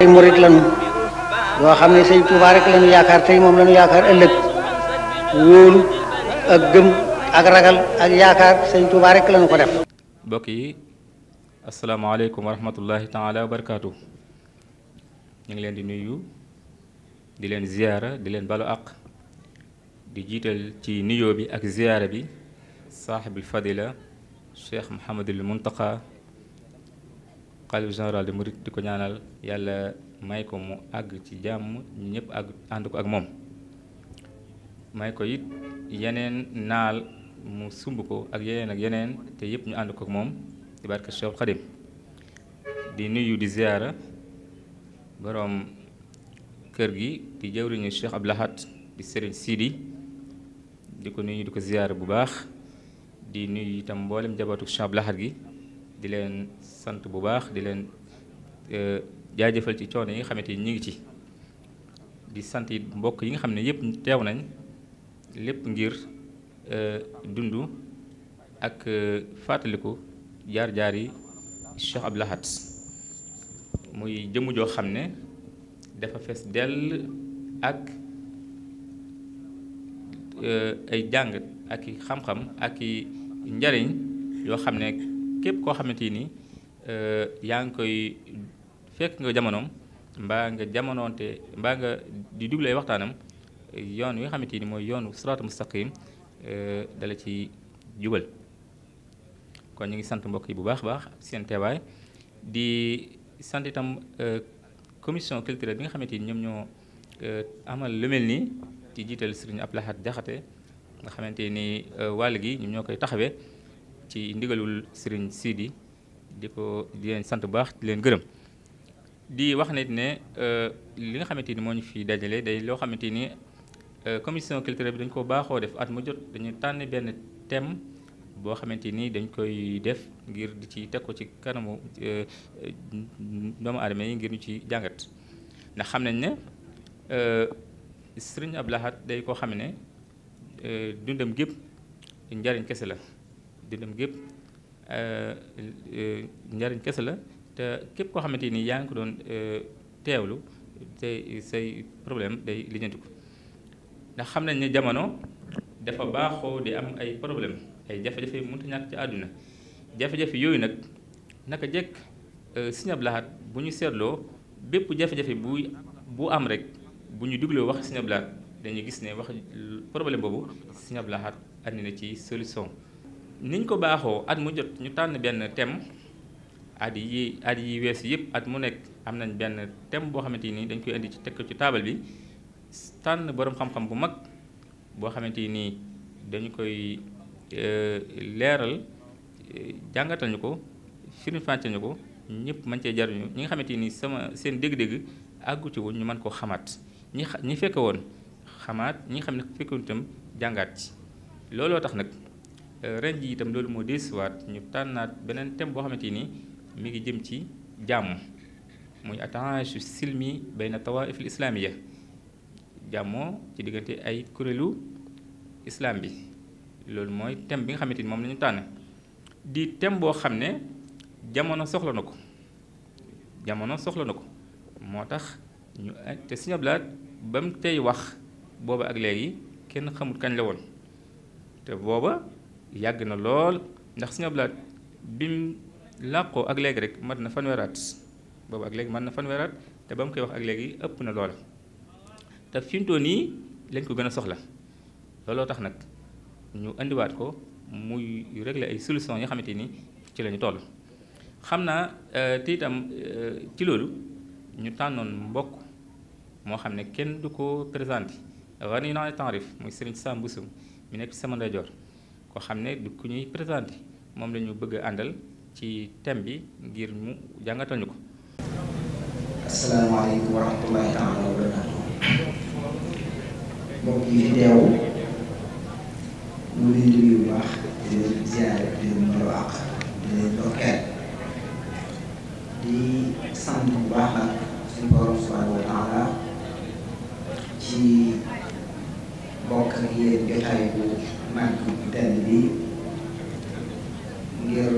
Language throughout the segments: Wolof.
ay murit lañu yoo xam ne sëñ Tuubaa rek lañu yaakaar tey moom lañu yaakaar ëllëg wóolu ak gëm ak ragal ak yaakaar sëñ Tuubaa rek ko def. mbokk yi asalaamaaleykum wa rahmatullahi taala wa barakaatu ñu ngi leen di nuyu di leen ziyaara di leen balu àq di jiital ci nuyoo bi ak ziyaara bi saaxibul fadila cheikh Mouhamadul Muntaqa xalif général de Mouride di ko ñaanal yàlla may ko mu àgg ci jàmm ñu ñëpp ak ànd ko ak moom may ko it yeneen naal mu sumb ko ak yeneen ak yeneen te yëpp ñu ànd ko ak moom ci barke Cheikh Khadim di nuyu di ziyaara boroom kër gi di jëwriñu Cheikh ab Lahad di Serigne Sidi di ko nuyu di ko ziyaara bu baax di nuyu itam mboolem jabootu Cheikh Abdou Lahad gi di leen sant bu baax di leen euh, jaajëfal ci coono yi nga xamante ni ñu ngi ci di sant it mbokk yi nga xam ne yëpp teew nañ lépp ngir euh, dund ak euh, fàttaliku jaar-jaar yi Cheikh Abdou muy jëmm joo xam ne dafa fees dell ak ay jàng ak i xam-xam ak i njariñ yoo xam ne képp koo xamante ni Eh, yaa ngi koy fekk nga jamonoom mbaa nga jamonoonte mbaa nga di déglu ay waxtaanam yoon wi nga xamante ni mooy yoonu siraatal mustaqim eh, dala ci jubal kon ñu ngi sant mbokk yi bu baax baax seen teewaay di sant itam eh, commission culturelle bi nga xamante ni ñoom ñoo amal lu mel nii ci jiital sëriñ Ablahat Jaxate nga xamante ni wàll gi ñoom ñoo koy taxawee ci ndigalul sëriñ Sidi di ko di leen sant bu baax leen gërëm di wax nit ne euh, li nga xamante ni moo ñu fi dajale day loo xamante ni euh, commission culturelle bi dañ ko baaxoo def at mu jot dañu tànn benn thème boo xamante ni dañ koy def ngir di ci teg ko ci kanamu euh, doomu aadama yi ngir ñu ci jàngat ndax xam nañ ne Sëriñ Abdou Lahad day koo xam ne dundam gépp njariñ kese la dundam gépp Euh, euh, njariñ kese la te képp koo xamante ni yaa ngi ko doon euh, teewlu te say problème day lijjanti ko ndax xam nañ ne jamono dafa baaxoo di am ay problème ay jafe-jafe yu mënta ñàkk ci àdduna jafe-jafe yooyu nag naka jekk Sëñ Abdou bu ñu seetloo bépp jafe-jafe bu bu am rek bu ñu dugloo wax Sëñ Abdou dañuy gis ne wax problème boobu Sëñ Abdou na ci solution niñ ko baaxoo at mu jot ñu tànn benn thème at yi at yi wees yëpp at mu nekk am nañ benn thème boo xamante ni dañ koy indi ci teg ci taabal bi tànn boroom xam-xam bu mag boo xamante nii dañu koy e, leeral e, jàngatal ñu ko firim fànce ñu ko ñëpp mën cee jariñu ñi nga xamante ni sama seen dégg-dégg àggu ci woon ñu mën koo xamaat ñi ñi fekkee woon xamaat ñi nga xam ne fekkoon itam jàngaat ci looloo tax nag Euh, ren ji itam loolu moo deesuwaat ñu tànnaat beneen thème boo xamante ni mu ngi jëm ci jàmm muy attache silmi bayna tawaif islamiya jàmmoo ci diggante ay kuréelu islaam bi loolu mooy thème bi nga xamante ni moom la ñu tànn di thème boo xam ne jamono soxla na ko jamono soxla na ko moo tax ñu te Sëñ Abdu ba mu tey wax booba ak léegi kenn xamul kañ la woon te booba yàgg na lool ndax Sëñ Abdou Lahad bim làqoo ak léegi rek mat na fanweeraat boobu ak léegi mat na fanweeraat te ba mu koy wax ak léegi ëpp na lool te fintoo nii lañ ko gën a soxla looloo tax nag ñu indiwaat ko muy régler ay solution yoo xamante ni ci lañu toll xam naa euh, te itam euh, ci loolu ñu tànnoon mbokk moo xam ne kenn du ko présenté war nañu naan taarif muy Serigne Sam Bousso mu nekk ci sama ndeyjoor koo xam ne du ku ñuy présenté moom la ñu bëgg àndal ci thème bi ngir mu jàngatal ko. asalaamaaleykum wa rahmatullaahi taala wa barakaatuh. di sant bu baax nag borom subhaanahu wa taala ci bokk ak yéen bu màgg benn bi ngir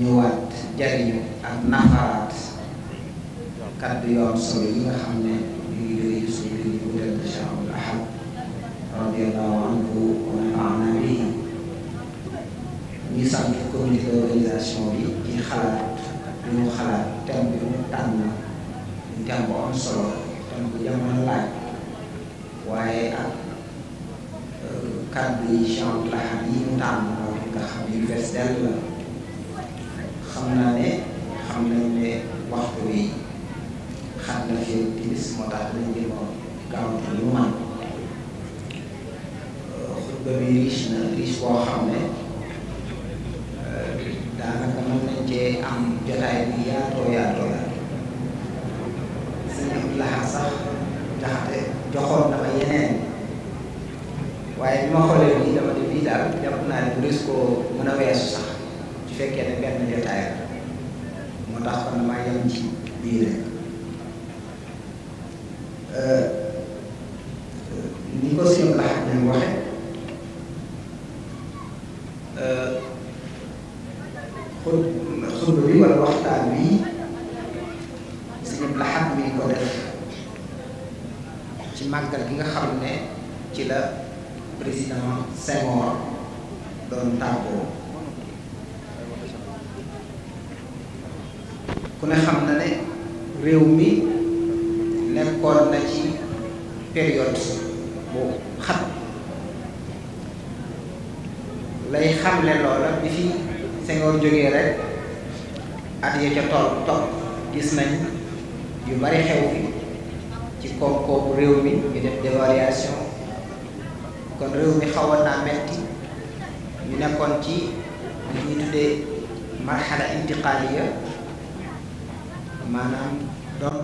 ñëwaat jariñu ak nafaraat kàddu yoo am solo ba muy riche na riche boo xam ne euh, daanaka mën nañ cee am jotaay bu yaatoo yaatoo yaatoo sëñ Abdou Lahad sax joxoon na ma yeneen waaye bi ma xoolee lii dama ne bii daal jàpp naa ne bu risque koo mën a weesu sax su fekkee ne benn jotaay moo tax kon damaa yem ci lii rek.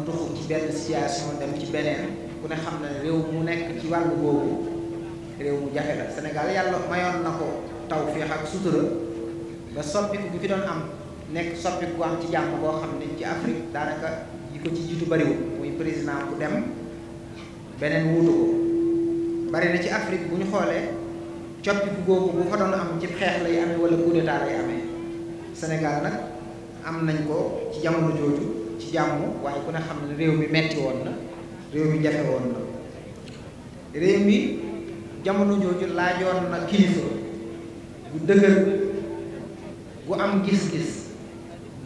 tuxu ci benn situation dem ci beneen ku ne xam ne réew mu nekk ci wàllu boobu réew mu jafe la Sénégal yàlla mayoon na ko taw féex ak sutura ba soppiku bi fi doon am nekk soppiku am ci jàmm boo xam ne ci Afrique daanaka yi ko ci jiitu bariwul muy président bu dem beneen wuutu ko ci Afrique bu ñu xoolee coppiku googu bu fa doon am ci xeex lay amee wala coup d'état lay Sénégal nag am nañ ko ci jamono jooju ci jàmm waaye ku ne xam ne réew mi metti woon na réew mi jafe woon na réew mi jamono jooju laajoon na kilifa bu dëgër bu am gis-gis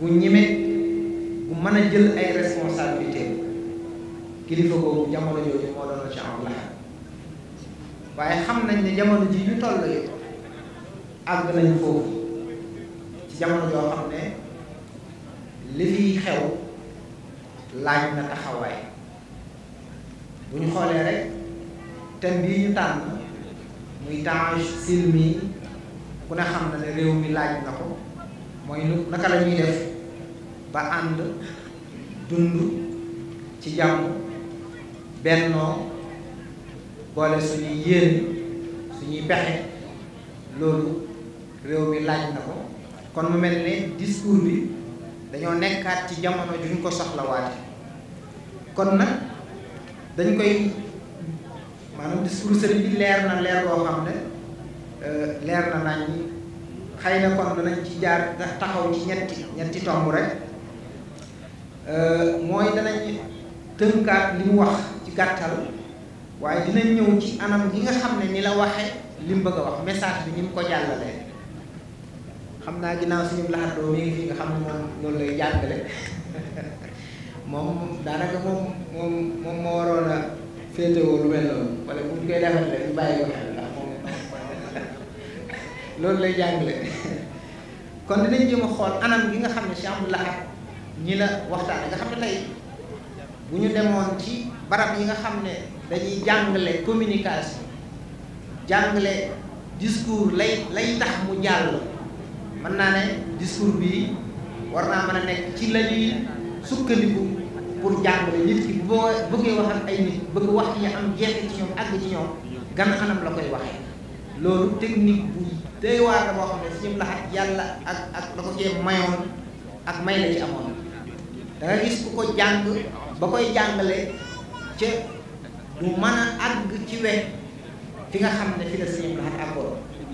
bu ñime bu mën a jël ay responsabilité kilifa boobu jamono jooju moo doon ci am laxam waaye xam nañ ne jamono ji ñu toll yi àgg nañ foofu ci jamono joo xam ne li fiy xew laaj na taxawaay bu ñu xoolee rek thème bii ñu tànn muy Tange Silmi ku ne xam na ne réew mi laaj na ko mooy nu naka la def ba ànd dund ci jàmm bennoo boole suñuy yéene suñuy pexe loolu réew mi laaj na ko kon mu mel ne discours bi dañoo nekkaat ci jamono juñ ko soxla soxlawaate kon nag dañ koy maanaam discours sëriñ bi leer na leer boo xam ne euh, leer na nañ xëy na kon danañ ci jaar taxaw ci ñetti ñetti tomb rek euh, mooy danañ tënkaat li mu wax ci gàttal waaye dinañ ñëw ci anam gi nga xam ne ni la waxe li mu bëgg a wax message bi ni mu ko jàllalee am naa ginnaaw suñu laxandoo mi ngi fi nga xam ne moom loolu lay jàngale moom moom moo waroon a wala bu lay jàngale kon dinañ jéem a xool anam gi nga xam ne si amul laxat ñi la waxtaan nga xam ne tey bu ñu demoon ci barab yi nga xam ne dañuy jàngale communication jàngale discours lay lay tax mu jàll. mën naa ne discours bi war naa mën a nekk ci la ñuy sukkandiku pour jàngale nit ki boo bëggee wax ay nit bëgg wax yi am jeexit ci ñoom àgg la koy waxee loolu technique bu day waar la boo xam ne suñu laxat yàlla ak ak la ko cee mayoon ak may la amoon da nga gis ku ko jàng ba koy jàngale ca du mën a àgg ci wet fi nga xam ne fi la suñu laxat àggoon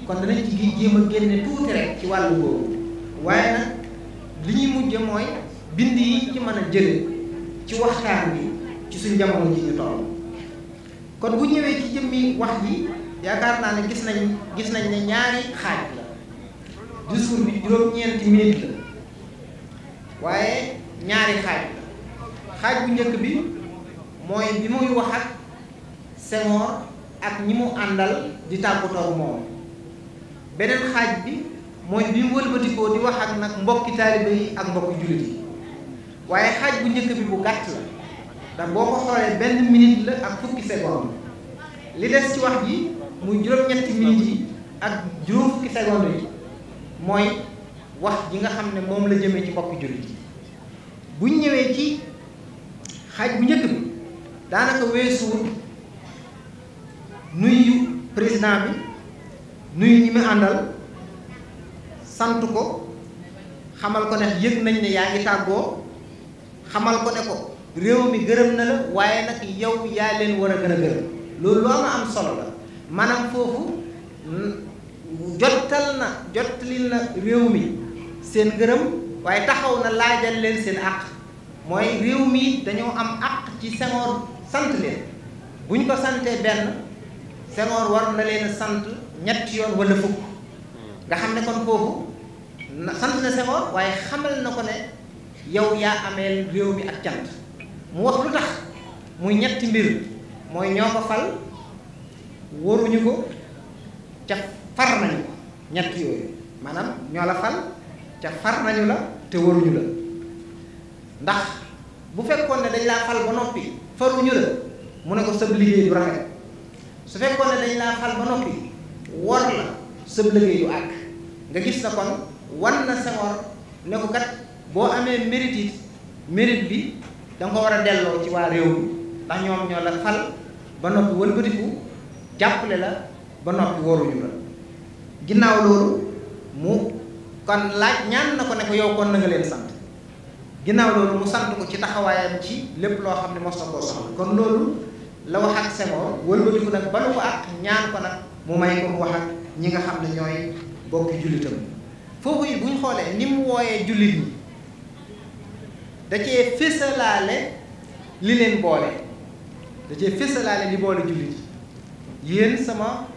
kon danañ ci jéem a génne tuuti rek ci wàllu boobu waaye nag li ñuy mujj mooy bind yi ci mën a jële ci waxtaan bi ci suñ jamono ji ñu toll kon bu ñëwee ci jëmmi wax yi yaakaar naa ne gis nañ gis nañ ne ñaari xaaj la discours bi juróom-ñeenti minute la waaye ñaari xaaj la xaaj bu njëkk bi mooy bi muy wax ak Senghor ak ñi mu àndal di tàggatoo moom beneen xaaj bi mooy bi mu wëlbatikoo di wax ak nag mbokki taaliba yi ak mbokki jullit yi waaye xaaj bu njëkk bi bu gàtt la ndax boo ko xoolee benn minute la ak fukki seconde li des ci wax ji muy juróom-ñetti minute yi ak juróom fukki seconde yi mooy wax ji nga xam ne moom la jëmee ci mbokki jullit yi bu ñëwee ci xaaj bu njëkk bi daanaka weesuwul nuyu président bi nuyu ñi mu àndal sant ko xamal ko ne yëg nañ ne yaa ngi tàggoo xamal ko ne ko réew mi gërëm na la waaye nag yow yaa leen war a gën a gërëm loolu lu am am solo la maanaam foofu mm, jottal na jottalil na réew mi seen gërëm waaye taxaw na laajal leen seen àq mooy réew mi dañoo am àq ci Senghor sant leen bu ñu ko santee benn Senghor war na leen sant ñetti yoon wala fukk nga xam ne kon kooku sant na Senghor waaye xamal na ko ne yow yaa amee réew mi ak cant mu wax lu tax muy ñetti mbir mooy ñoo ko fal waruñu ko ca far nañu ko ñett yooyu maanaam ñoo la fal ca far nañu la te waruñu la ndax bu fekkoon ne dañ laa fal ba noppi faruñu la mu ne ko sab liggéey du rafet su fekkoon ne dañ laa fal ba noppi wor la sëb liggéey yu àgg nga gis na kon wan na Senghor ne kat boo amee mérite it mérite bi da ko war a delloo ci waa réew mi ndax ñoom ñoo la fal ba noppi wëlbatiku jàppale la ba noppi waruñu la ginnaaw loolu mu kon laaj ñaan na ko ne ko yow kon na nga leen sant ginnaaw loolu mu sant ko ci taxawaayam ci lépp loo xam ne mos na koo soxla kon loolu la wax ak Senghor wëlbatiku nag balu ko ak ñaan ko nag mu may ko wax ak ñi nga xam ne ñooy bokki jullitam foofu yi buñ xoolee ni mu wooyee jullit ñi da cee fësalaale li leen boole da cee fësalaale li boole jullit yi yéen sama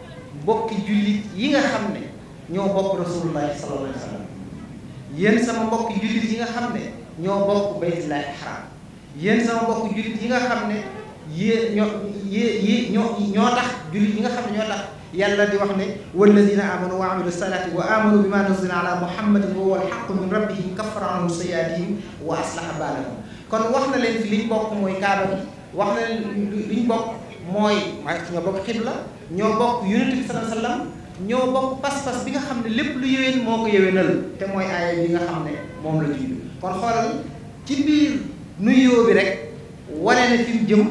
mbokki jullit yi nga xam ne ñoo bokk rasulullahi sallallahu alayhi wa sama mbokki jullit yi nga xam ne ñoo bokk yi nga xam ne ñoo ñoo tax jullit yi nga xam ne ñoo tax yàlla di wax ne walladina amanu wa amilu salaati wa amanu bi ma nuzila ala muhammadin wa huwa alxaqu min rabbihim kafara anhum sayyaatihim wa aslaha baalahum kon wax na leen fi liñ bokk mooy kaaba bi wax na leen liñ bokk mooy waaye ñoo bokk xibla ñoo bokk yonent bi bokk pas-pas bi nga xam ne lépp lu yëween moo ko yëweenal te mooy aaya bi nga xam ne moom la jublu kon xoolal ci biir nuyoo bi rek wane na fi jëm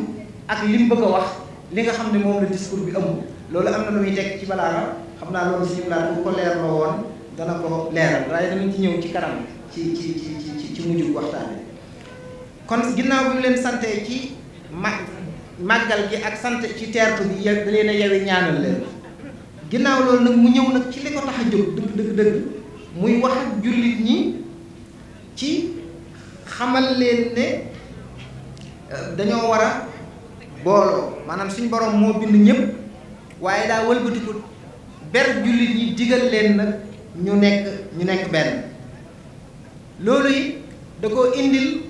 ak li mu bëgg a wax li nga xam ne moom la discours bi amul loolu am na lu muy teg ci balaa xam naa loolu suñu laaj bu ko leerloo woon dana ko leeral waaye danañ ci ñëw ci kanam ci ci ci ci ci mujj waxtaan bi kon ginnaaw bi mu leen santee ci ma màggal gi ak sant ci teertu bi da leen a yewe ñaanal leen ginnaaw loolu nag mu ñëw nag ci li ko tax a jóg dëgg dëgg dëgg muy wax ak jullit ñi ci xamal leen ne eh, dañoo war a booloo maanaam suñu borom moo bind ñëpp. waaye daa wëlbatiku ber jullit yi digal leen nag ñu nekk ñu nekk benn loolu yi da koo indil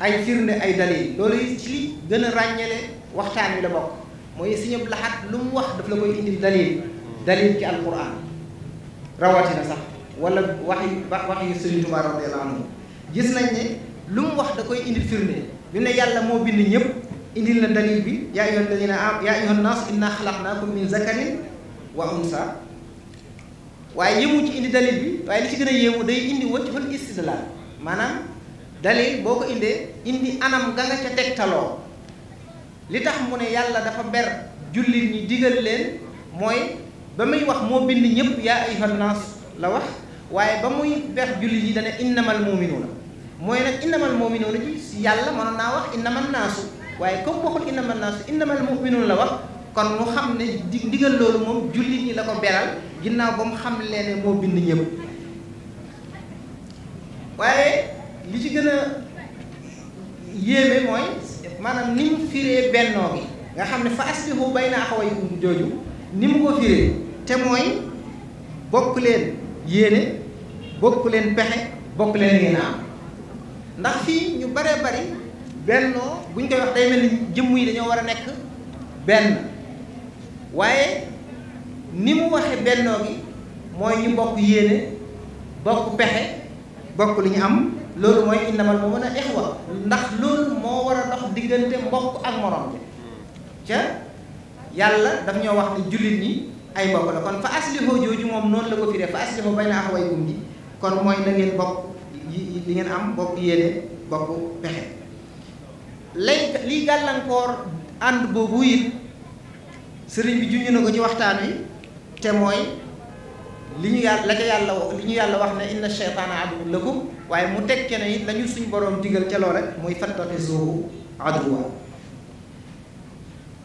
ay firnde ay dalil loolu yi ci li gën a ràññale waxtaan wi la bokk mooy Sëñ Abdou Lahad lu mu wax daf la koy indil dalil dalil ci alquran rawatina sax wala wax yu wax yu Sëñ Tuubaa radiyallaahu anhu gis nañ ne lu mu wax da koy indil firnde bi ne yàlla moo bind ñëpp indil na dalil bi yaa ayyuha alladina am yaa ayyuha nnaas inna xalaqnaakum min zakarin wa waaye yëmu ci indi dalil bi waaye li ci gën a yéemu day indi wajhul istidlaal maanaam dalil boo ko indee indi anam ga nga ca tegtaloo li tax mu ne yàlla dafa ber jullit ñi digal leen mooy ba muy wax moo bind ñëpp yaa ayyuha nnaas la wax waaye ba muy ber jullit ñi dana innamal muminuuna mooy nag innamal muminuuna ci yàlla mënoon naa wax innamal naasu waaye comme waxul innamal naasu innamal mu'minuun la wax kon mu xam ne di ndigal loolu moom jullit ñi la ko beral ginnaaw ba mu xam leen ne moo bind ñëpp waaye li ci gën a yéeme mooy maanaam ni mu firee bennoo gi nga xam ne fa aslihu bayna axawaykum jooju ni mu ko firee te mooy bokk leen yéene bokk leen pexe bokk leen ngeen am ndax fii ñu bare bari bennoo bu ñu koy wax day mel ni jëmm yi dañoo war a nekk benn waaye ni mu waxe bennoo gi mooy ñu bokk yéene bokk pexe bokk li ñu am loolu mooy innamal mu'minuuna ixwa ndax loolu moo war a dox diggante mbokk ak morom bi ca yàlla daf ñoo wax ne jullit ñi ay mbokk la kon fa aslihu jooju moom noonu la ko firee fa aslihu bayna axawaykum ji kon mooy na ngeen bokk li ngeen am bokk yéene bokk pexe lay liy gàllankoor ànd boobu it sëriñ bi junj na ko ci waxtaan wi te mooy li ñu yàlla la ca yàlla li ñu yàlla wax na inna sheytaana aduwwun lakum waaye mu teg ne it lañu suñ boroom digal ca loola muy fattaxizuuhu aduwwan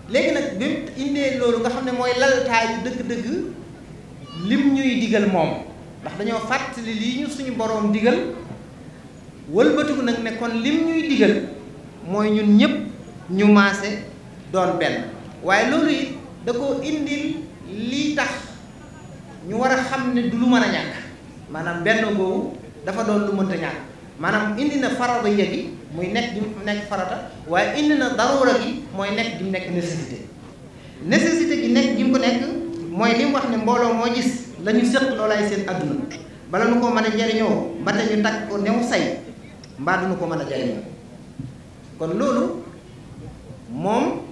léegi nag bi mu indee loolu nga xam ne mooy laltaayu dëgg-dëgg lim ñuy digal moom ndax dañoo fàttali lii ñu suñu boroom digal wëlbatiku nag ne kon lim ñuy digal mooy ñun ñëpp ñu maase doon benn waaye loolu it da koo indil lii tax ñu war a xam ne du lu mën a ñàkk maanaam benn boobu dafa doon lu mënta ñàkk maanaam indi na farata yi muy nekk di nekk farata waaye indi na daruura gi mooy nekk di nekk nécessité nécessité gi nekk gi mu ko nekk mooy li wax ne mbooloo moo gis la ñu sëq loolaay seen adduna bala nu ko mën a jariñoo ba te ñu takk ko new say mbaa du nu ko mën a jariñoo kon loolu moom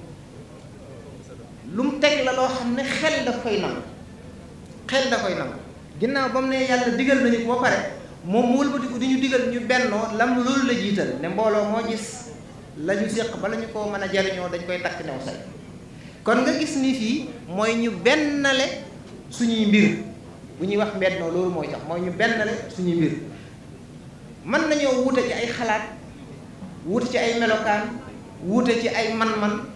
lu mu teg la loo xam ne xel daf koy nangu xel da koy nangu ginnaaw ba ne yàlla digal nañu koo ba pare moom mu wëlbatiku di ñu digal ñu bennoo lam loolu la jiital ne mbooloo moo gis lañu ñu séq ba la ñu koo mën a jariñoo dañ koy takk new kon nga gis nii fii mooy ñu bennale suñuy mbir bu ñuy wax mbennoo loolu mooy tax mooy ñu bennale suñuy mbir mën nañoo wute ay xalaat wute ci ay melokaan wuute ci ay man-man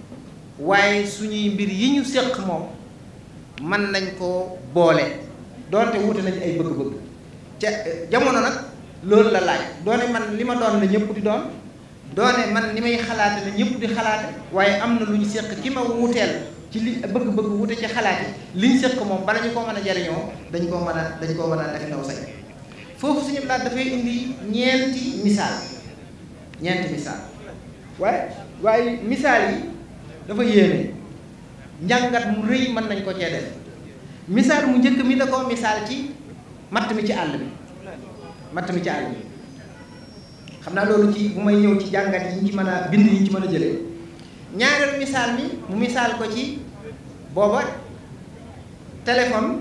waaye suñuy mbir yi ñu séq moom man nañ ko boole doonte wuute nañ ay bëgg-bëgg ca jamono nag loolu la laaj doone man li ma doon la ñëpp di doon doone man li may xalaat la ñëpp di xalaate waaye am na lu ñu séq ki ma wuteel ci li bëgg-bëgg wute ci xalaat yi liñ séq moom bala ñu koo mën a jariñoo dañ koo mën a dañ koo mën a def ndaw sañ foofu suñu laaj dafay indi ñeenti misaal ñeenti misaal waaye waaye misaal yi dafa yéeme njàngat mu rëy mën nañ ko cee misaal mu njëkk mi da koo misaal ci matt mi ci àll bi matt mi ci àll bi xam naa loolu ci bu may ñëw ci jàngat yi ñu ci mën a bind yi ñu ci mën a jële ñaareelu misaal mi mu misaal ko ci booba téléphone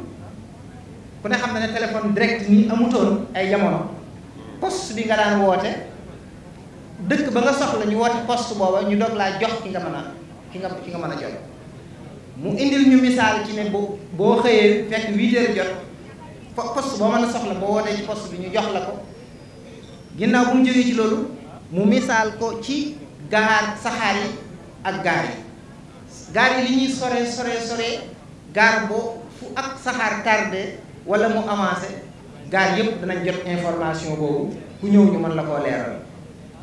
ku ne xam na ne téléphone direct nii amutoon ay jamono poste bi nga daan woote dëkk ba nga soxla ñu woote poste booba ñu doog laa jox ki nga mën a ki nga ki nga mën a jot mu indil ñu misaal ci ne boo boo xëyee fekk 8 heures jot poste boo mën a soxla boo wootee ci post bi ñu jox la ko ginnaaw bu mu jógee ci loolu mu misaal ko ci gaar saxaar yi ak gaar yi li ñuy sore sore sore gaar boo fu ak saxaar tarde wala mu avancé gaar yëpp danañ jot information boobu ku ñëw ñu mën la koo leeral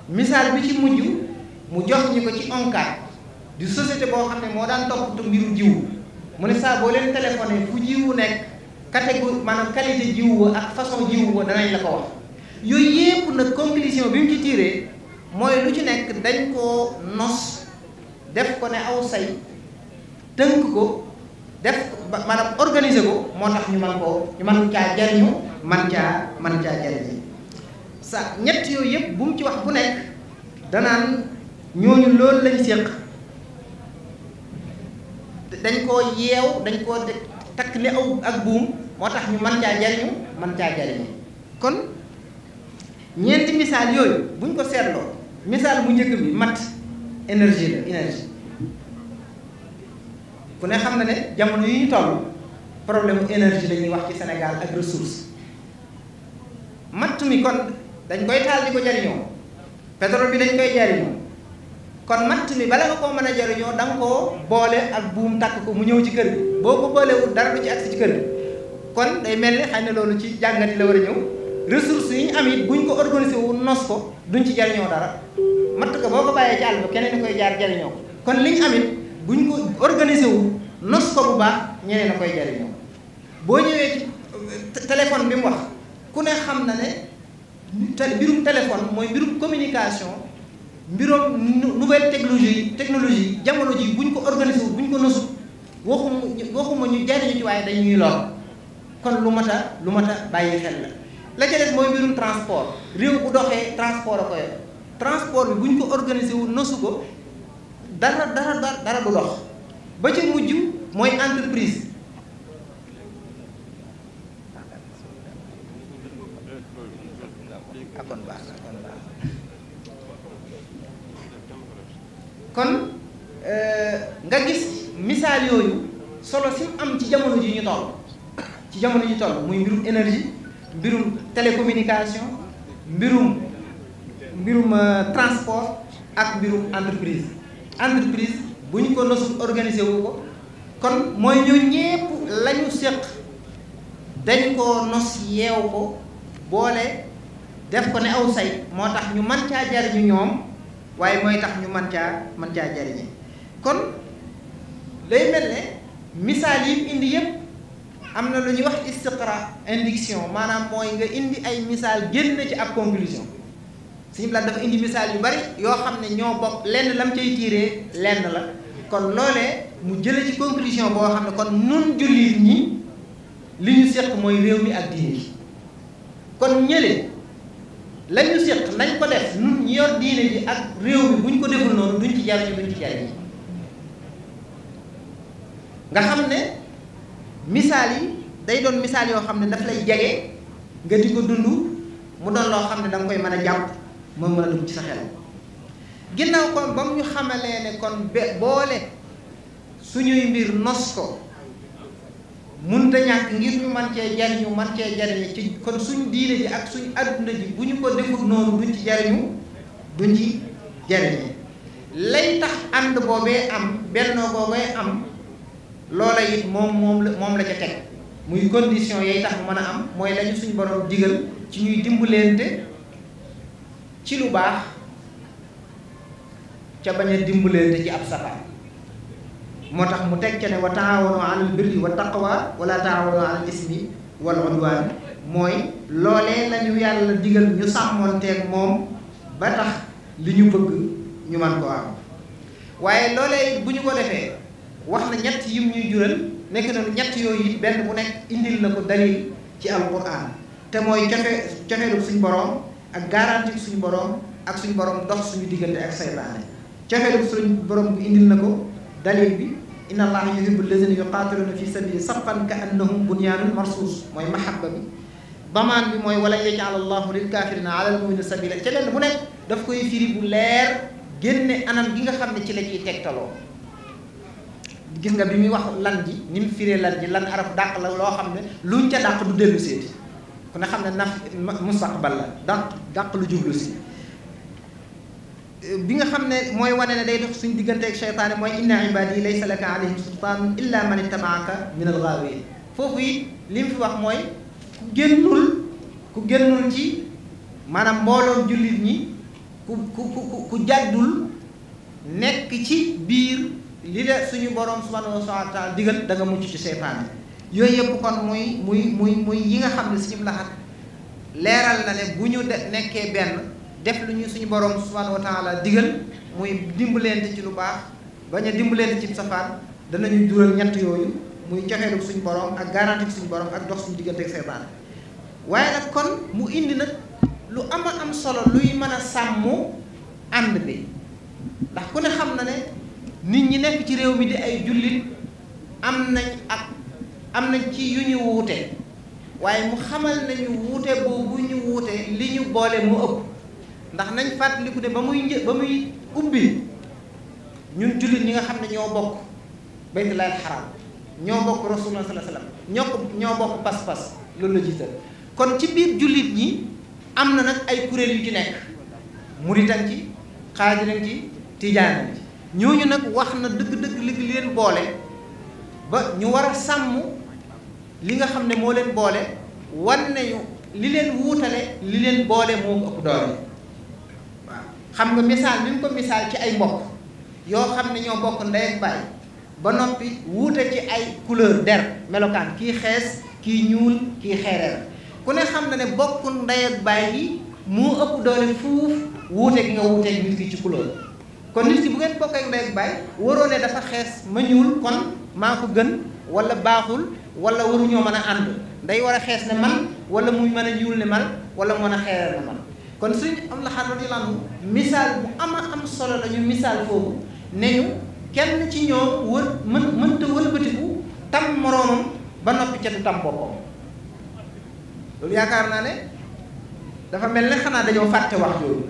misaal bi ci mujj mu jox ñi ko ci ONCAD di société boo xam ne moo daan toppatoo mbiru jiw mu ne saa boo leen téléphoné fu wu nekk catégorie maanaam qualité jiwu wa ak façon jiwu wa danañ la ko wax yooyu yépp nag conclusion bi mu ci tiré mooy lu ci nekk dañ koo nos def ko ne aw say tënk ko def ba maanaam organiser ko moo tax ñu man koo ñu man caa jariñu man caa man caa yi sa ñett yooyu yëpp bu mu ci wax bu nekk danaan ñooñu loolu lañ séq dañ koo yeew dañ koo takk li aw ak buum moo tax ñu man caa jariñu man caa jariñu kon ñeenti misaal yooyu buñ ko seetloo misaal mu njëkk bi mat énergie la énergie ku ne xam na ne jamono yi ñu toll problème énergie la wax ci senegal ak ressource matt mi kon dañ koy taal di ko jariñoo pétrole bi dañ koy jariñoo kon matt mi bala nga koo mën a jariñoo da koo boole ak buum takk ko mu ñëw ci kër gi boo ko boolewul dara du ci agsi ci kër gi kon day mel ni xëy na loolu ci jàngati la war a ñëw ressources yi ñu am it buñ ko organisé wu nos ko duñ ci jariñoo dara matt ko boo ko bàyyee ci àll ba keneen ni koy jaar jariñoo kon li ñu am it buñ ko organisé wu nos ko bu baax ñeneen a koy jariñoo boo ñëwee ci euh, téléphone bi mu ku ne xam na ne te mbirum téléphone mooy mbirum communication mbirum nouvelle technologie technologie jamono ji buñ ko organisé wu buñ ko nësu waxuma waxuma ñu jariñu ci waaye dañuy lor kon lu mat a lu mat a bàyyi xel na la ca des mooy mbirum transport réew bu doxee transport a koy transport bi buñ ko organisé wu nësu ko dara dara dara du dox ba ca mujj mooy entreprise kon baax na euh, nga gis misaal yooyu solo si am ci jamono ji ñu toll ci jamono ji toll muy mbirum énergie mbirum télécommunication mbirum mbirum euh, transport ak mbirum entreprise entreprise bu ñu ko nosul organiser ko kon mooy ñoo ñépp lañu séq dañ koo nos yeew ko boole def ko ne aw say moo tax ñu man caa jariñu ñoom waaye mooy tax ñu man caa man caa jariñe kon lay mel ne misaal yi indi yëpp am na lu ñu wax istiqra indiction maanaam mooy nga indi ay misaal génn ci ab conclusion si la dafa indi misaal yu bari yoo xam ne ñoo bokk lenn lam cay tiiree lenn la kon loolee mu jële ci conclusion boo xam ne kon nun jullit ñi li ñu seq mooy réew mi ak diine kon ñële la ñu nañ ko def ñun ñi yor diine ak réew mi bu ñu ko deful noonu duñ ci jariñu duñ ci jariñu nga xam ne misaal yi day doon misaal yoo xam ne daf lay jege nga di ko dund mu doon loo xam ne danga koy mën a jàpp moom mën ci sa xel ginnaaw kon ba mu ñu xamalee ne kon be boole suñuy mbir nos ko mënta ñàkk ngir ñu man cee jariñu man cee jariñu ci kon suñ diine ji ak suñ adduna ji bu ñu ko defut noonu duñ ci jariñu duñ ci jariñe lay tax ànd boobee am bennoo boobee am loola it moom moom la moom la ca teg muy condition yay tax mën a am mooy lañu suñ borom digal ci ñuy dimbalante ci lu baax ca bañ a dimbalante ci ab safaan moo tax mu teg ca ne wa taawanoo alal birri wa taqwa wala taawanoo alal ismi wal udwaan mooy loolee la ñu yàlla digal ñu sàmmoonteeg moom ba tax li ñu bëgg ñu man ko am waaye loolee bu ñu ko defee wax na ñett yim ñuy jural nekk na ñett yooyu it benn bu nekk indil na ko dalil ci alquran te mooy cofe cofeelu suñu borom ak garanti suñ borom ak suñu borom dox suñu diggante ak saytaane cofeelu suñu borom indil na ko dalil bi. inna allaha yuhibbu allazina yuqaatiluuna fi sabili saffan ka annahum bunyaanun marsuus mooy mahabba bi bamaan bi mooy wala yajal allahu lil kaafirina ala al mu'minina sabila ca lenn bu nekk dafa koy firi bu leer génne anam gi nga xam ne ci la ciy tegtaloo gis nga bi muy wax lan ji ni mu firee lan ji lan araf dàq la loo xam ne luñ ca dàq du dellu seeti ku ne xam ne naf mustaqbal la dàq dàq lu jublu si bi nga xam ne mooy wane ne day dox suñ diggante ak seytaane mooy inna ibaadi laysa laka alayhim sultaan illa man ittabaaka min alxaawiin foofu yi li mu fi wax mooy ku génnul ku génnul ci maanaam mbooloon jullit ñi ku ku ku ku jàddul nekk ci biir li de suñu boroom subhaanahu wa taala digal da nga mucc ci seytaane yooyu yëpp kon muy muy muy muy yi nga xam ne suñu laxat leeral na ne bu ñu nekkee benn def lu ñu suñu borom subhanahu wa taala digal muy dimbalante ci lu baax bañ a dimbalante ci safaan danañu jural ñett yooyu muy joxeelu suñu borom ak garanti suñu borom ak dox suñu diggante ak seytaan waaye nag kon mu indi nag lu ama am solo luy mën a sàmm ànd bi ndax ku ne xam na ne nit ñi nekk ci réew mi di ay jullit am nañ ak am nañ ci yu ñu wuute waaye mu xamal nañu wuute boobu ñu wuute li ñu boole mu ëpp ndax nañ fàttaliku ne ba muy një ba muy ubbi ñun jullit ñi nga xam ne ñoo bokk baytullaahil xaraam ñoo bokk rasulullah sallallahu alayhi ñoo ko ñoo bokk pas-pas loolu la jiital kon ci biir jullit ñi am na nag ay kuréel yu ci nekk muritan ci xaadiran ci tijaanan ci ñooñu nag wax na dëgg-dëgg li leen boole ba ñu war a sàmm li nga xam ne moo leen boole wan nañu li leen wuutale li leen boole moom ëpp doole xam nga misaal bi ñu ko misaal ci ay mbokk yoo xam ne ñoo bokk ndey ak baay ba noppi wuute ci ay couleur der melokaan kii xees kii ñuul kii xeereer ku ne xam na ne bokk ndey ak bàyyi yi moo ëpp doole fuuf wuute gi nga wuuteeg nit ki ci couleur kon nit ki bu ngeen bokkee ndey ak baay waroo ne dafa xees ma ñuul kon maa ko gën wala baaxul wala waruñoo mën a ànd day war a xees ne man wala muy mën a ñuul ne man wala mën a xeereer ne man kon sëñ am la xar radiyallaahu anhu misaal bu ama am solo la ñu misaal foofu ne kenn ci ñoom wër mën mënta wëlbatiku tam moroomam ba noppi ca du tam boppam loolu yaakaar naa ne dafa mel ne xanaa dañoo fàtte wax yooyu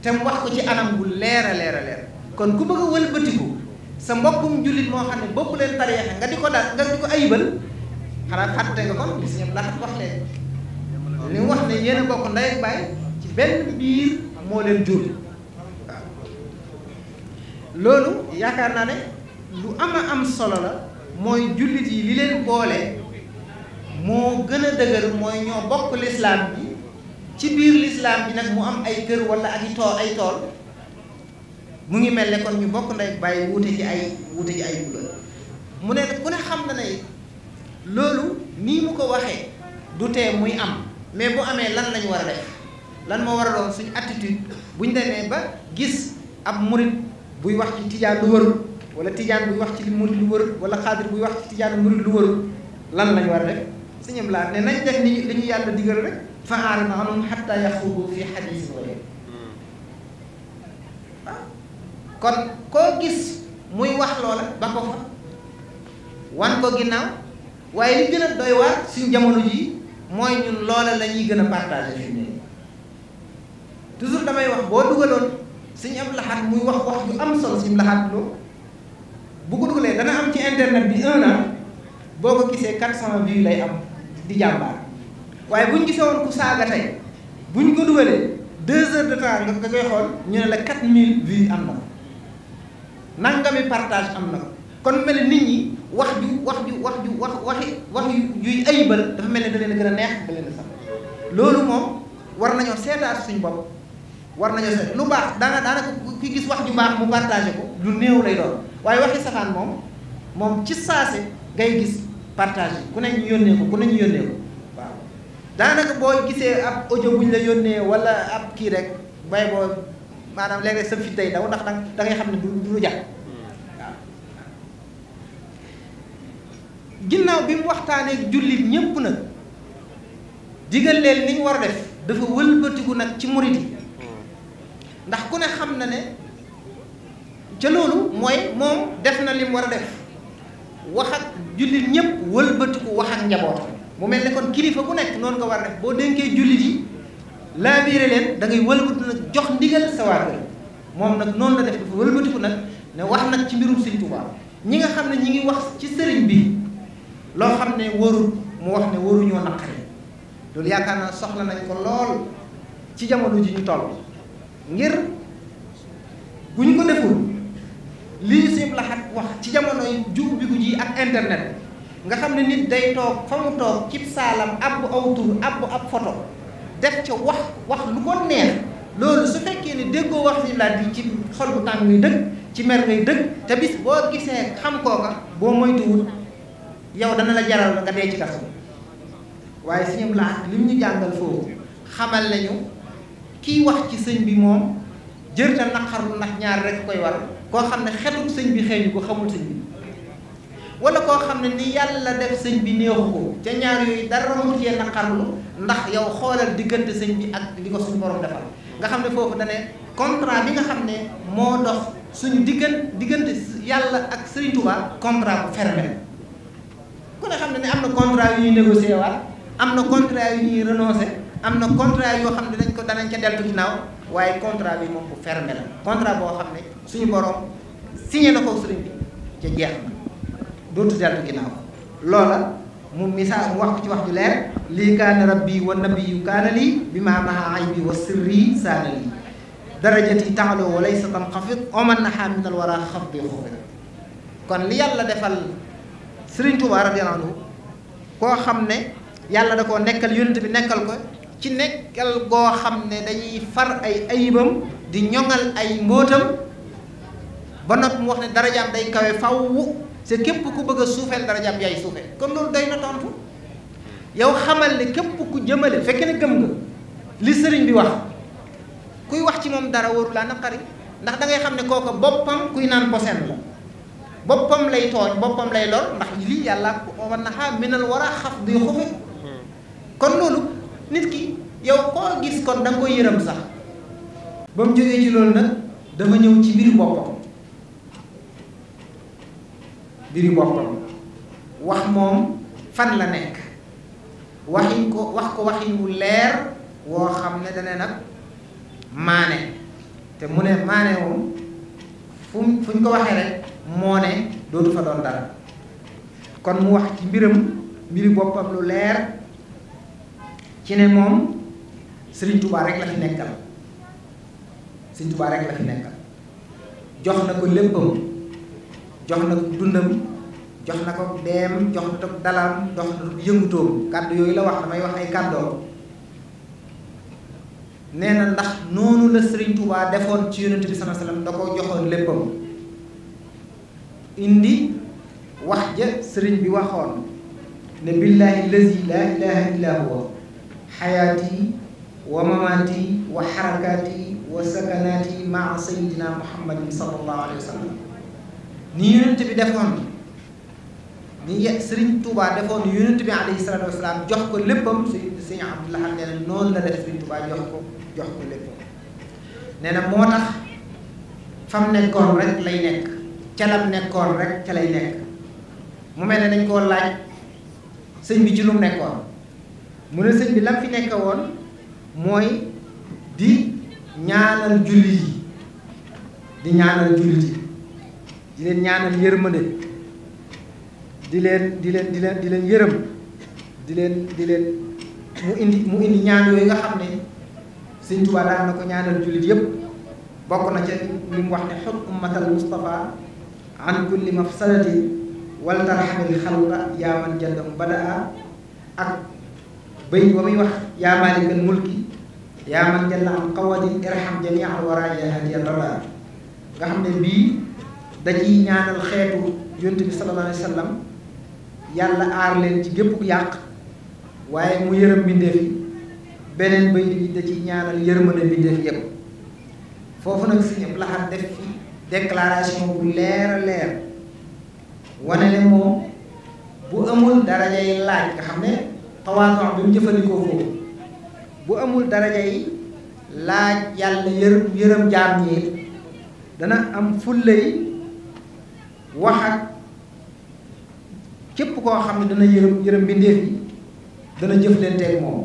te mu wax ko ci anam bu leer a leer kon ku bëgg a wëlbatiku sa mbokkum jullit moo xam ne bokku leen tariixa nga di ko daal nga di ko ayibal xanaa fàtte nga kon gis ñëpp la wax leen li wax ne yéen bokk ndey ak baay benn biir moo leen jur waaw loolu yaakaar naa ne lu ama am solo la mooy jullit yi li leen boole moo gën a dëgër mooy ñoo bokk lislaam bi ci biir lislaam bi nag mu am ay kër wala ak i tool tool mu ngi mel ne kon ñu bokk ndey bàyyi wuute ci ay wuute ci ay couleur mu ne ku ne xam na ne loolu nii mu ko waxee du tee muy am mais bu amee lan lañu war a def lan moo war a doon suñu attitude bu ñu demee ba gis ab murit buy wax ci tijaan lu warul wala tijaan buy wax ci li murit lu warul wala xaadir buy wax ci tijaan murit lu warul lan lañ war a def suñu laa ne nañ def ni li ñu yàlla digal rek fa aari na anum xatta yaxuudu fi xadis wala kon koo gis muy wax loola ba ko fa wan ko ginnaaw waaye li gën a doy waar suñu jamono yii mooy ñun loola la ñuy gën a partagé fi toujours damay wax boo dugaloon suñu am laxaat muy wax wax yu am solo suñu laxaat lu bu ko dugalee dana am ci internet bi un an boo ko gisee quatre cent vues lay am di jàmbaar waaye bu ñu gisee woon ku saaga tey bu ñu ko dugalee deux heures de temps nga koy xool ñu ne la quatre mille vues am na ko nangami partage am na ko kon mel nit ñi wax ju wax ju wax ju wax waxi wax yuy ayibal dafa mel ne da leen a gën a neex ba leen a sax loolu moom war nañoo seetaat suñ bopp war nañoo seet lu baax daana daanaka ki gis wax ju baax mu partagé ko lu néew lay doon waaye waxi safaan moom moom ci saase ngay gis partagé ku ne ñu yónnee ko ku ne yónnee ko waaw daanaka boo gisee ab ojo buñ la yónnee wala ab kii rek bay boo maanaam léeg sa fit day daw ndax da ngay xam ne du du lu ginnaaw bi mu waxtaanee jullit ñépp nag digal leen ni ñu war a def dafa wëlbatiku nag ci murit yi ndax ku ne xam na ne ca loolu mooy moom def na li mu war a def wax ak jullit ñëpp wëlbatiku wax ak njabootam mu mel ne kon kilifa ku nekk noonu nga war a def boo dénkee jullit yi laabiire leen da ngay wëlbatiku nag jox ndigal sa moom nag noonu la def dafa wëlbatiku nag ne wax nag ci mbirum Sëriñ ko ñi nga xam ne ñi ngi wax ci sëriñ bi loo xam ne warul mu wax ne waruñoo naqari loolu yaakaar naa soxla nañ ko lool ci jamono ji ñu toll. ngir bu ñu ko deful lii sëñ laxat wax ci jamono yi jub bi gu ak internet nga xam ne nit day toog fa mu toog cib saalam ab aw tur ab ab photo def ca wax wax lu ko neex loolu su fekkee ne déggoo wax li laa di ci xol bu tàng ngay dëkk ci mer ngay dëkk te bis boo gisee xam kooka boo moytuwul yow dana la jaral nga dee ci kaso waaye sëñ laxat li ñu jàngal foofu xamal nañu kii wax ci sëñ bi moom jërta naqarlu ndax ñaar rek koy war koo xam ne xetuk sëñ bi xëy ko xamul sëñ bi wala koo xam ne ni yàlla def sëñ bi neexu ko ca ñaar yooyu dara mu cee naqarlu ndax yow xoolal diggante sëñ bi ak li ko suñu borom defal nga xam ne foofu dane contrat bi nga xam ne moo dox suñu diggan diggante yàlla ak Sëriñ Tuubaa contrat bu fermé ku ne xam ne ne am na contrat yu ñuy négocier am na contrat yu ñuy renoncer am na contrat yoo xam ne dañ ko danañ ca deltu ginnaaw waaye contra bi moom bu fermé la contrat boo xam ne suñu borom signé na ko sëriñ bi ca jeex na dootu deltu ginnaaw loola mu misaal wax ko ci wax ju leer lii kaana rabbi wa nabiyu kaana lii bi maa maha aybi wa sirri saana lii darajati taalo wa laysa tanxafid oman a min al wara xafdi xufid kon li yàlla defal sëriñ Tuubaa radiyallaahu anhu koo xam ne yàlla da koo nekkal yonent bi nekkal ko ci nekkal goo xam ne dañuy far ay ayibam di ñoŋal ay mbóotam ba noppi mu wax ne darajaam day kawe faw c'est képp ku bëgg a suufeel darajaam yaay suufeel kon loolu day na tontu yow xamal ne képp ku jëmale fekk ne gëm nga li sëriñ bi wax kuy wax ci moom dara waru laa naqari ndax da xam ne kooka boppam kuy naan posen la boppam lay tooñ boppam lay lor ndax lii yàlla wa naha xaf di xufi kon loolu nit ki yow koo gis kon da nga koy yërëm sax ba mu jógee ci nag dafa ñëw ci biir boppam moom fan la nekk waxin ko wax ko waxin leer woo xam ne dane nag maane te mu ne maane moom ko waxee rek doon dara kon mu wax ci mbiram mbiri boppam lu leer ci ne moom Serigne Touba rek la fi nekkal Serigne Touba rek la fi nekkal jox na ko léppam jox na ko dundam jox na ko deem jox na ko dalaam jox na ko yëngutoom kàddu yooyu la wax damay wax ay kàddoom nee na ndax noonu la Serigne Touba defoon ci yonent bi sallallahu alayhi wasallam da ko joxoon léppam indi wax ja sëriñ bi waxoon ne billahi lazi la ilaha illa huwa xayaati wa mamaati wa xarakaati wa sakanaati maa sayidina muhammadin sallallahu alayhi wa sallam ni yonent bi defoon ni sëriñ Touba defoon ni yonent bi alayhi salaatu wasalaam jox ko léppam si sëriñ Abdul Ahad nee na noonu la def sëriñ Touba jox ko jox ko léppam nee moo tax fam nekkoon rek lay nekk ca lam nekkoon rek ca lay nekk mu mel ne nañ koo laaj sëñ bi ci lu mu nekkoon mu ne sëñ bi lam fi nekk woon mooy di ñaanal jullit yi di ñaanal jullit yi di leen ñaanal yërmande di leen di leen di leen di leen yërëm di leen di leen mu indi mu indi ñaan yooyu nga xam ne sëñ Tuubaa daan na ko ñaanal jullit yépp bokk na ca li mu wax ne xut ummatal Mustafa an kulli mafsadati wal tarhamil xalqa yaa man jàddam badaa ak bay ba muy wax yaa maalikal mulki yaa man jalla am qawadin irham jamial wara ya hadiya dara nga xam ne bii da ciy ñaanal xeetu yonent bi sallallahu alayhi wa yàlla aar leen ci gépp yàq waaye mu yërëm mbindeef yi beneen bay bi da ciy ñaanal yërmande mbindeef yépp foofu nag si ñëpp laxat def fi déclaration bu leer a leer wane ne moom bu amul darajay laaj nga xam ne tawaadu bi mu jëfandikoo foofu bu amul daraja yi laaj yàlla yërëm yërëm jaam ñi dana am fulla yi wax képp koo xam ne dana yërëm yërëm mbindeef yi dana jëflanteeg moom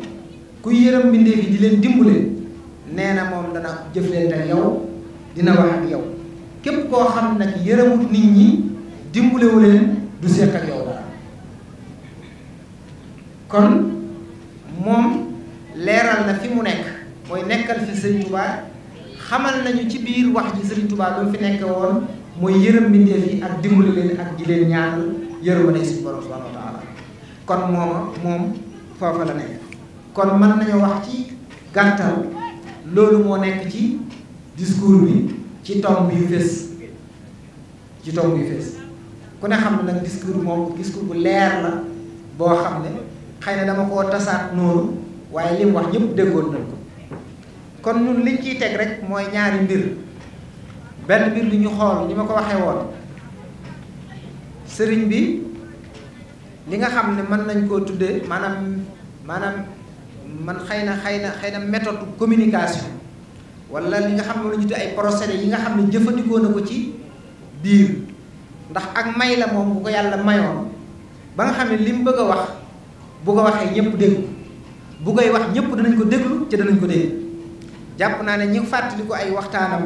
kuy yërëm mbindeef yi di leen dimbale nee na moom dana jëflanteeg yow dina wax ak yow képp koo xam nag yërëmut nit ñi dimbalewu leen du seq ak kon moom leeral na fi mu nekk mooy nekkal fi Serigne Touba xamal nañu ci biir wax ji Serigne Touba lu mu fi nekk woon mooy yërëm mbindeef yi ak dimbali leen ak di leen ñaan yërëm na suñu borom subhanahu wa taala kon mooma moom la nekk mën nañu loolu moo nekk ci discours bi yu fés ci tomb yu fés ku ne xam ne nag discours moom discours bu leer la boo xam ne xëy na dama ko tasaat noonu waaye li wax ñëpp déggoon nañ ko kon ñun liñ ciy teg rek mooy ñaari mbir benn mbir bi ñu xool ni ma ko waxee woon sëriñ bi li nga xam ne mën nañ koo tuddee maanaam maanaam man xëy na xëy na xëy na méthode communication wala li nga xam ne la ñu tuddee ay procédé yi nga xam ne jëfandikoo na ko ci biir ndax ak may la moom bu ko yàlla mayoon ba nga xam ne li mu bëgg a wax. bu ko waxee ñëpp dégg bu koy wax ñëpp danañ ko déglu ci danañ ko dégg jàpp naa ne ñu fàttali ko ay waxtaanam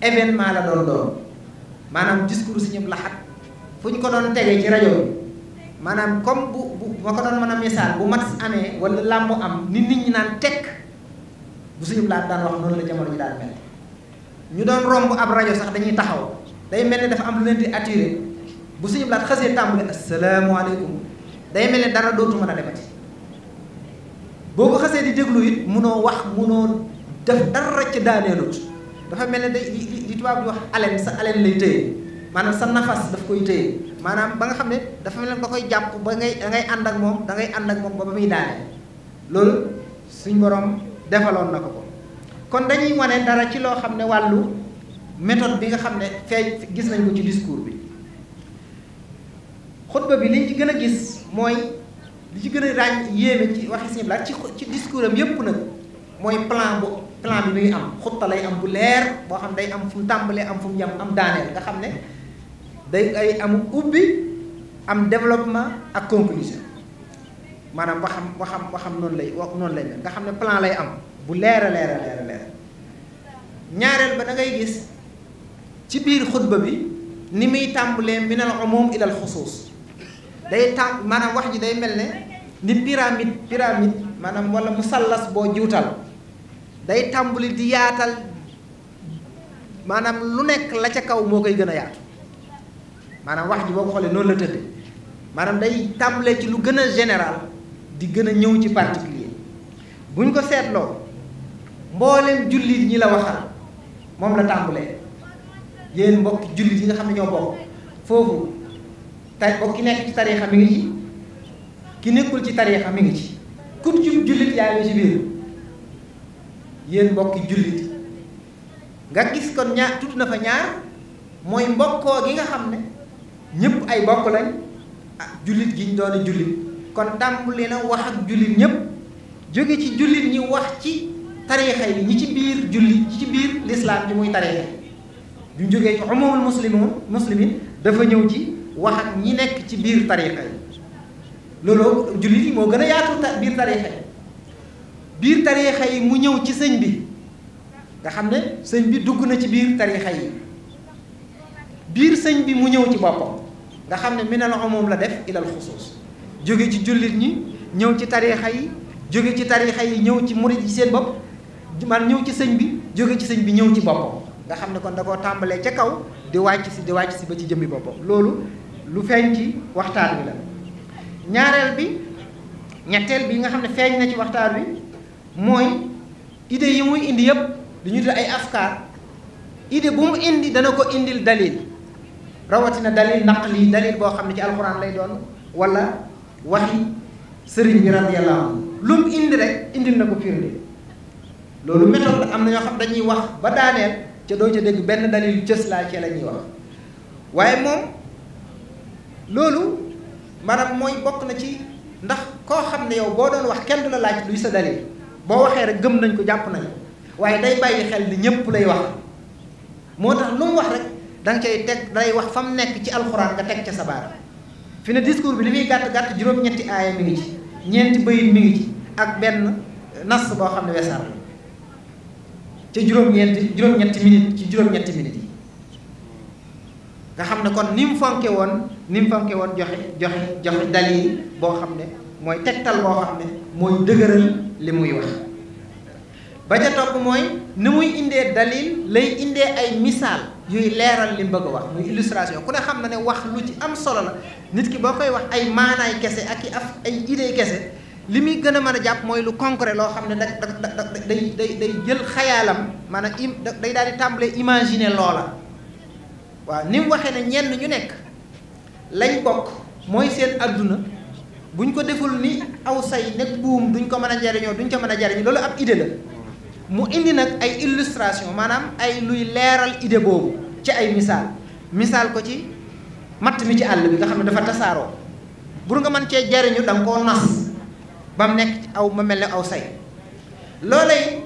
événement la doon doon maanaam discours si ñëpp laxat fu ñu ko doon tegee ci rajo bi maanaam comme bu bu ma ko doon mën a misaal bu mat amee walla làmb am ni nit ñi naan tekk bu suñu laat daan wax noonu la jamono ji daan mel ñu doon romb ab rajo sax dañuy taxaw day mel ni dafa am lu leen di attiré bu suñu laat xasee tàmbale asalaamaaleykum day mel ne dara dootu mën a demati boo ko xasee di déglu it munoo wax munoo def dara ci daaneelut dafa mel ne day li tubaab di wax haleine sa haleine lay téye maanaam sa nafas daf koy téye maanaam ba nga xam ne dafa mel ne da koy jàpp ba ngay dangay ànd ak moom dangay ànd ak moom ba ba muy daaneel loolu suñ borom defaloon na ko ko kon dañuy wane dara ci loo xam ne wàllu méthode bi nga xam ne feeñ gis nañ ko ci discours bi xutba bi liñ gën a gis mooy li ci gën a ràññ yéeme ci waxi sëñ Blaat ci ci discours am yépp nag mooy plan bu plan bi muy am xutta lay am bu leer boo xam day am fu tàmbalee am fu mu am daaneel nga xam ne day ay am ubbi am développement ak conclusion maanaam waxam waxam waxam noonu lay wax noonu lay mel nga xam ne plan lay am bu leer a leer a leer a ñaareel ba da gis ci biir xutba bi ni muy tàmbalee minal umum ilal xusuus day tànk maanaam wax ji day mel ne ni pyramide pyramide maanaam wala musallas boo juutal day tàmbali di yaatal maanaam lu nekk la ca kaw moo koy gën a yaatu maanaam wax ji boo ko xoolee noonu la tëdd maanaam day tàmbalee ci lu gën a général di gën a ñëw ci particulier buñ ko seetloo mbooleem jullit ñi la waxal moom la tàmbalee yéen mbokk jullit yi nga xam ne ñoo bokk foofu tari ki nekk ci tariixa mi ngi ci ki nekkul ci tariixa mi ngi ci kum ci jullit yaa ngi ci biir yéen mbokki jullit nga gis kon ñaar tudd na fa ñaar mooy mbokkoo gi nga xam ne ñëpp ay bokk lañ ah, jullit gi ñu doon jullit kon tàmbali na wax ak jullit ñëpp jóge ci jullit ñi wax ci tariixa yi ñi ci biir jullit ñi ci biir lislaam ji muy tariixa bi mu jógee ci umumul muslimin dafa ñëw ci wax ak ñi nekk ci biir tarixa yi loolu jullit yi moo gën a yaatu biir tarixa yi biir tarixa yi mu ñëw ci sëñ bi nga xam ne sëñ bi dugg na ci biir tarixa yi biir sëñ bi mu ñëw ci boppam nga xam ne minal umum la def ilal xusuus ci jullit ñi ñëw ci tarixa yi jóge ci tarixa yi ñëw ci murid yi seen bopp man ñëw ci sëñ bi jóge ci sëñ bi ñëw ci boppam nga xam ne kon da koo tàmbalee ca kaw di wàcc si di wàcc si ba ci jëmmi bopp loolu lu feeñ ci waxtaan wi la ñaareel bi ñetteel bi nga xam ne feeñ na ci waxtaan wi mooy idée yi muy indi yëpp dañu di ay afkaar idée bu mu indi dana ko indil dalil rawatina naq lii dalil boo xam ne ci alxuraan lay doon wala waxi sëriñ bi radiyallahu anhu lu mu indi rek indil na ko firnde loolu méthode la am na ñoo xam dañuy wax ba daaneel ca doo ca dégg benn dalil cës laa cee la wax waaye moom loolu maanaam mooy bokk na ci ndax koo xam ne yow boo doon wax kenn du la laaj luy sa dalil boo waxee rek gëm nañ ko jàpp nañ waaye day bàyyi xel ni ñëpp lay wax moo tax lu mu wax rek danga cay teg day wax fa mu nekk ci alxuraan nga teg ca sa baara fi ne discours bi li muy gàtt gàtt juróom-ñetti aaya mi ngi ci ñeenti bayit mi ngi ci ak benn nas boo xam ne wesaar la ca juróom-ñeenti juróom-ñetti minute ci juróom-ñetti minute yi nga xam ne kon ni mu fonke woon ni mu fonke woon joxe joxe joxe dalil boo xam ne mooy tegtal boo xam ne mooy dëgëral li muy wax ba ca topp mooy ni muy indee dalil lay indee ay misaal yuy leeral li mu bëgg wax muy illustration ku ne xam na ne wax lu ci am solo la nit ki boo koy wax ay maanaay kese ak i af ay idée kese li muy gën a mën a jàpp mooy lu concret loo xam ne da da day day day jël xayaalam da day daal di tàmbalee imaginer loola waaw ni mu waxee ne ñenn ñu nekk lañ bokk mooy seen adduna buñ ko deful ni aw say nekk buum duñ ko mën a jariñoo duñ ko mën a jariñ loolu ab idée mu indi nag ay illustration maanaam ay luy leeral idée boobu ci ay misaal misaal ko ci matt mi ci àll bi nga xam ne dafa tasaaroo bur nga mën cee jariñu da nga koo nas ba mu aw ma mel ne aw say loolay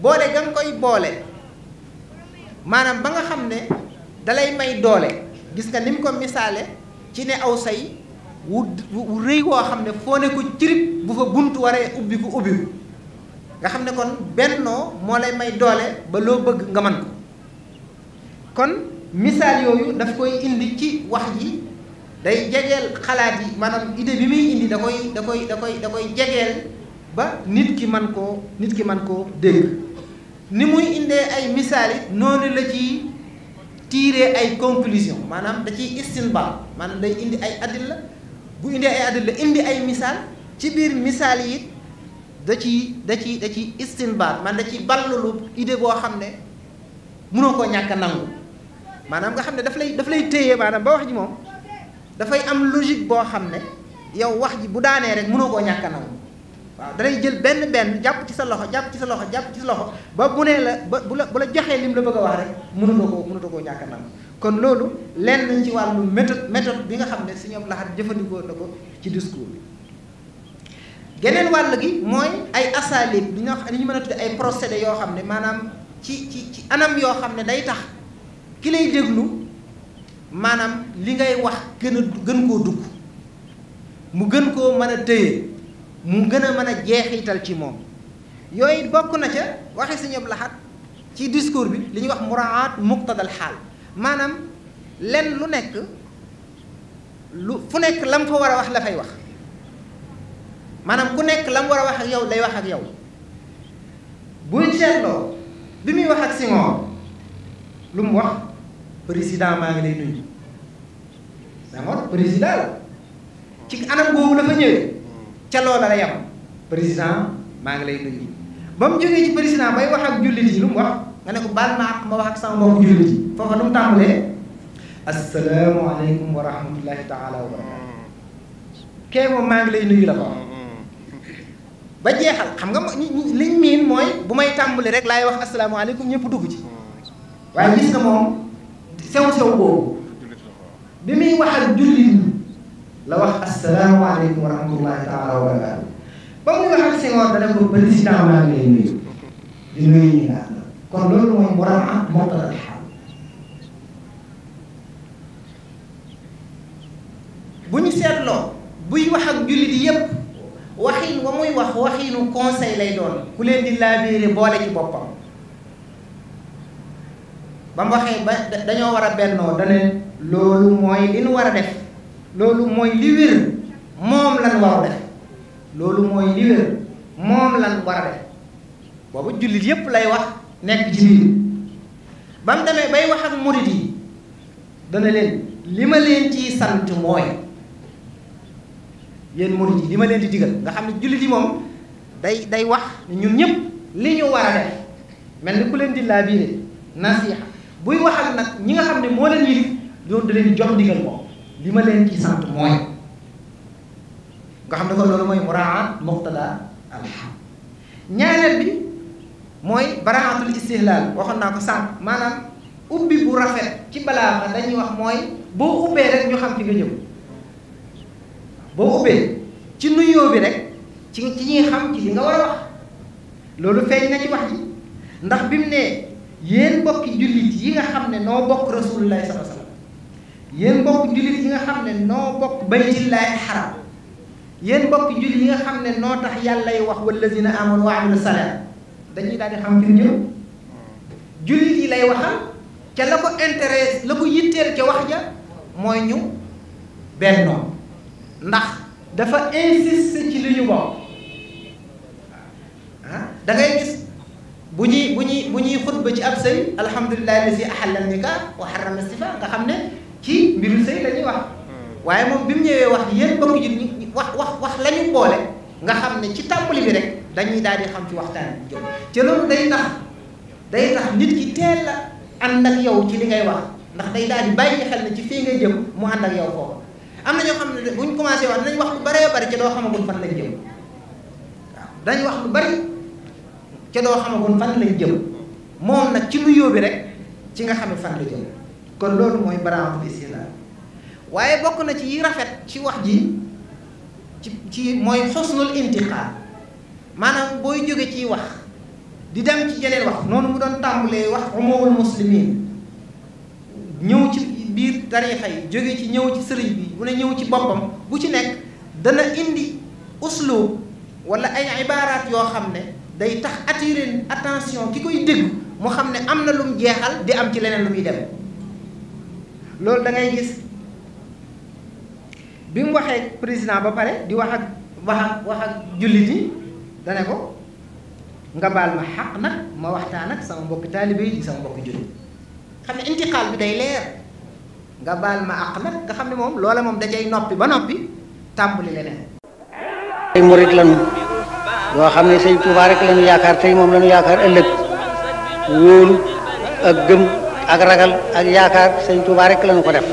boole ga nga koy boole maanaam ba nga xam ne dalay may doole gis nga ni mu ko misaale ci ne aw say wu wu rëy woo xam ne foo ne ko cirib bu fa bunt waree ubbi ko ubbi ko nga xam ne kon bennoo moo lay may doole ba loo bëgg nga man ko kon misaal yooyu daf koy indi ci wax ji day jegeel xalaat yi maanaam idée bi muy indi da koy da koy da koy da koy jegeel ba nit ki man koo nit ki man koo dégg ni muy indee ay misaal it noonu la ci tirer ay conclusion maanaam da ciy istinbaat maanaam day indi ay adilla bu indi ay adilla indi ay misaal ci biir misaal yi da ci da ciy da ciy istinbaat man da ciy ballulu idée boo xam ne mënoo koo ñàkk a nangu maanaam nga xam ne daf lay daf lay téye maanaam ba wax ji moom dafay am logique boo xam ne yow wax ji bu daanee rek mënoo koo ñàkk nangu waaw dalay jël benn benn jàpp ci sa loxo jàpp ci sa loxo jàpp loxo ba bu nee la ba bu la bu la joxee lim la bëgg a wax rek mënutoo koo mënutoo koo ñàkk nam kon loolu lenn nañ ci wàllu méthode méthode bi nga xam ne si Abdou Lahad jëfandikoo na ko ci discours bi geneen wàll gi mooy ay asalib li ñu wax li ñu mën a tudde ay procédé yoo xam ne maanaam ci ci ci anam yoo xam ne day tax ki lay déglu maanaam li ngay wax gën a gën koo dugg mu gën koo mën a téye mu gën a mën a jeexital ci moom yooyu bokk na ca waxi si Abdou laxat ci discours bi li ñuy wax muraat muqtadal xaal maanaam lenn lu nekk lu fu nekk lam fa war a wax la fay wax maanaam ku nekk lam war a wax ak yow day wax ak yow buy seetloo bi muy wax ak Senghor lu mu wax président maa ngi lay nuyu Senghor président ci anam boobu la fa ñëwee ca loola la yam président maa ngi lay nuyu ba mu jógee ci président bay wax ak jullit yi lu mu wax nga ne ko baal ma ak ma wax ak sama mbokk jullit yi foofa lu mu tàmbalee asalaamaaleykum wa rahmatullahi taala wa barakatu kee moom maa ngi lay nuyu la ba jeexal xam nga liñ miin mooy bu may tàmbali rek laay wax asalaamaaleykum ñëpp dugg ci waaye gis nga moom sew sew boobu bi muy wax ak jullit la wax asalaamaaleykum wa rahmatullahi taala wa barakaatu ba muy wax ak Senghor dana ko président maa ngi lay nuyu di nuyu ñi nga àndal kon loolu mooy borom ak moqtal al xaal bu ñu seetloo buy wax ak jullit yépp waxin wa muy wax waxinu conseil lay doon ku leen di laabiire boole ci boppam ba mu waxee ba dañoo war a bennoo dane loolu mooy li nu war a def loolu mooy li wér moom lan war a def loolu mooy li wér moom lan war def boobu jullit yépp lay wax nekk ci biir ba mu demee bay wax ak murit dana leen li ma leen ciy sant mooy yéen murit li ma leen di digal nga xam ne jullit yi moom day day wax ñun ñëpp li ñu war def mel ni ku leen di laa biire nasiha buy waxal nag ñi nga xam ne moo leen yilif doon da leen jox digal li ma leen ci sant mooy nga xam ne kon loolu mooy muraat muqtada alham ñaareel bi mooy baraatul istihlaal waxoon naa ko sànq maanaam ubbi bu rafet ci balaa nga dañuy wax mooy boo ubbee rek ñu xam fi nga jëm boo ubbee ci nuyoo bi rek ci ci ñuy xam ci li nga war a wax loolu feeñ na ci wax ji ndax bi mu ne yéen bokki jullit yi nga xam ne noo bokk rasulullah sallallahu alayhi yéen mbokk jullit yi nga xam ne noo bokk baytillahi xaram yéen mbokk jullit yi nga xam ne noo tax yàllay wax wallazina amanu wa amilu salaat dañuy daal di xam ngir ñëw jullit yi lay waxal ca la ko intérêt la ko yitteel ca wax ja mooy ñu bennoo ndax dafa insiste ci li ñu bokk ah gis bu ñuy bu ñuy bu ñuy xutba ci ab sëy alhamdulillahi lazi ahalla nikah wa harrama sifa nga xam ne ci mbiru sëy la ñuy wax waaye moom bi mu ñëwee wax yéen bokk ji ñi wax wax wax la ñu boole nga xam ne ci tàmbali bi rek dañuy daal di xam ci waxtaan bi jëm te loolu day tax day tax nit ki teel la ànd ak yow ci li ngay wax ndax day daal di bàyyi xel ne ci fii ngay jëm mu ànd ak yow foofu am na ñoo xam ne buñ commencé wax dinañ wax lu bëree bëri ca doo xamagun fan lañ jëm waaw dañ wax lu bëri ca doo xamagun fan lañ jëm moom nag ci lu yóbbi rek ci nga xam ne kon loolu mooy baraamatul istilaam waaye bokk na ci yi rafet ci wax ji ci ci mooy xusnul intiqaal maanaam booy jóge ciy wax di dem ci jeneen wax noonu mu doon tàmbalee wax umawul muslimin ñëw ci biir tariixa yi jóge ci ñëw ci sëriñ bi mu ne ñëw ci boppam bu ci nekk dana indi uslub wala ay ibaaraat yoo xam ne day tax attirer attention ki koy dégg mu xam ne am na lum jeexal di am ci leneen lu muy dem loolu da ngay gis bi mu waxee président ba pare di wax ak wax ak wax ak jullit yi dane ko nga baal ma xaq nag ma waxtaan ak sama mbokki taalibe yi sama mbokki jullit xam ne intiqaal bi day leer nga baal ma àq nag nga xam ne moom loola moom da cay noppi ba noppi tàmbali leneen. ay murit lañu yoo xam ne sëñ Tuubaa rek lañu yaakaar tey moom lañu yaakaar ëllëg wóolu ak gëm. ak ragal ak yaakaar sëñ Tuubaa rek la ñu ko def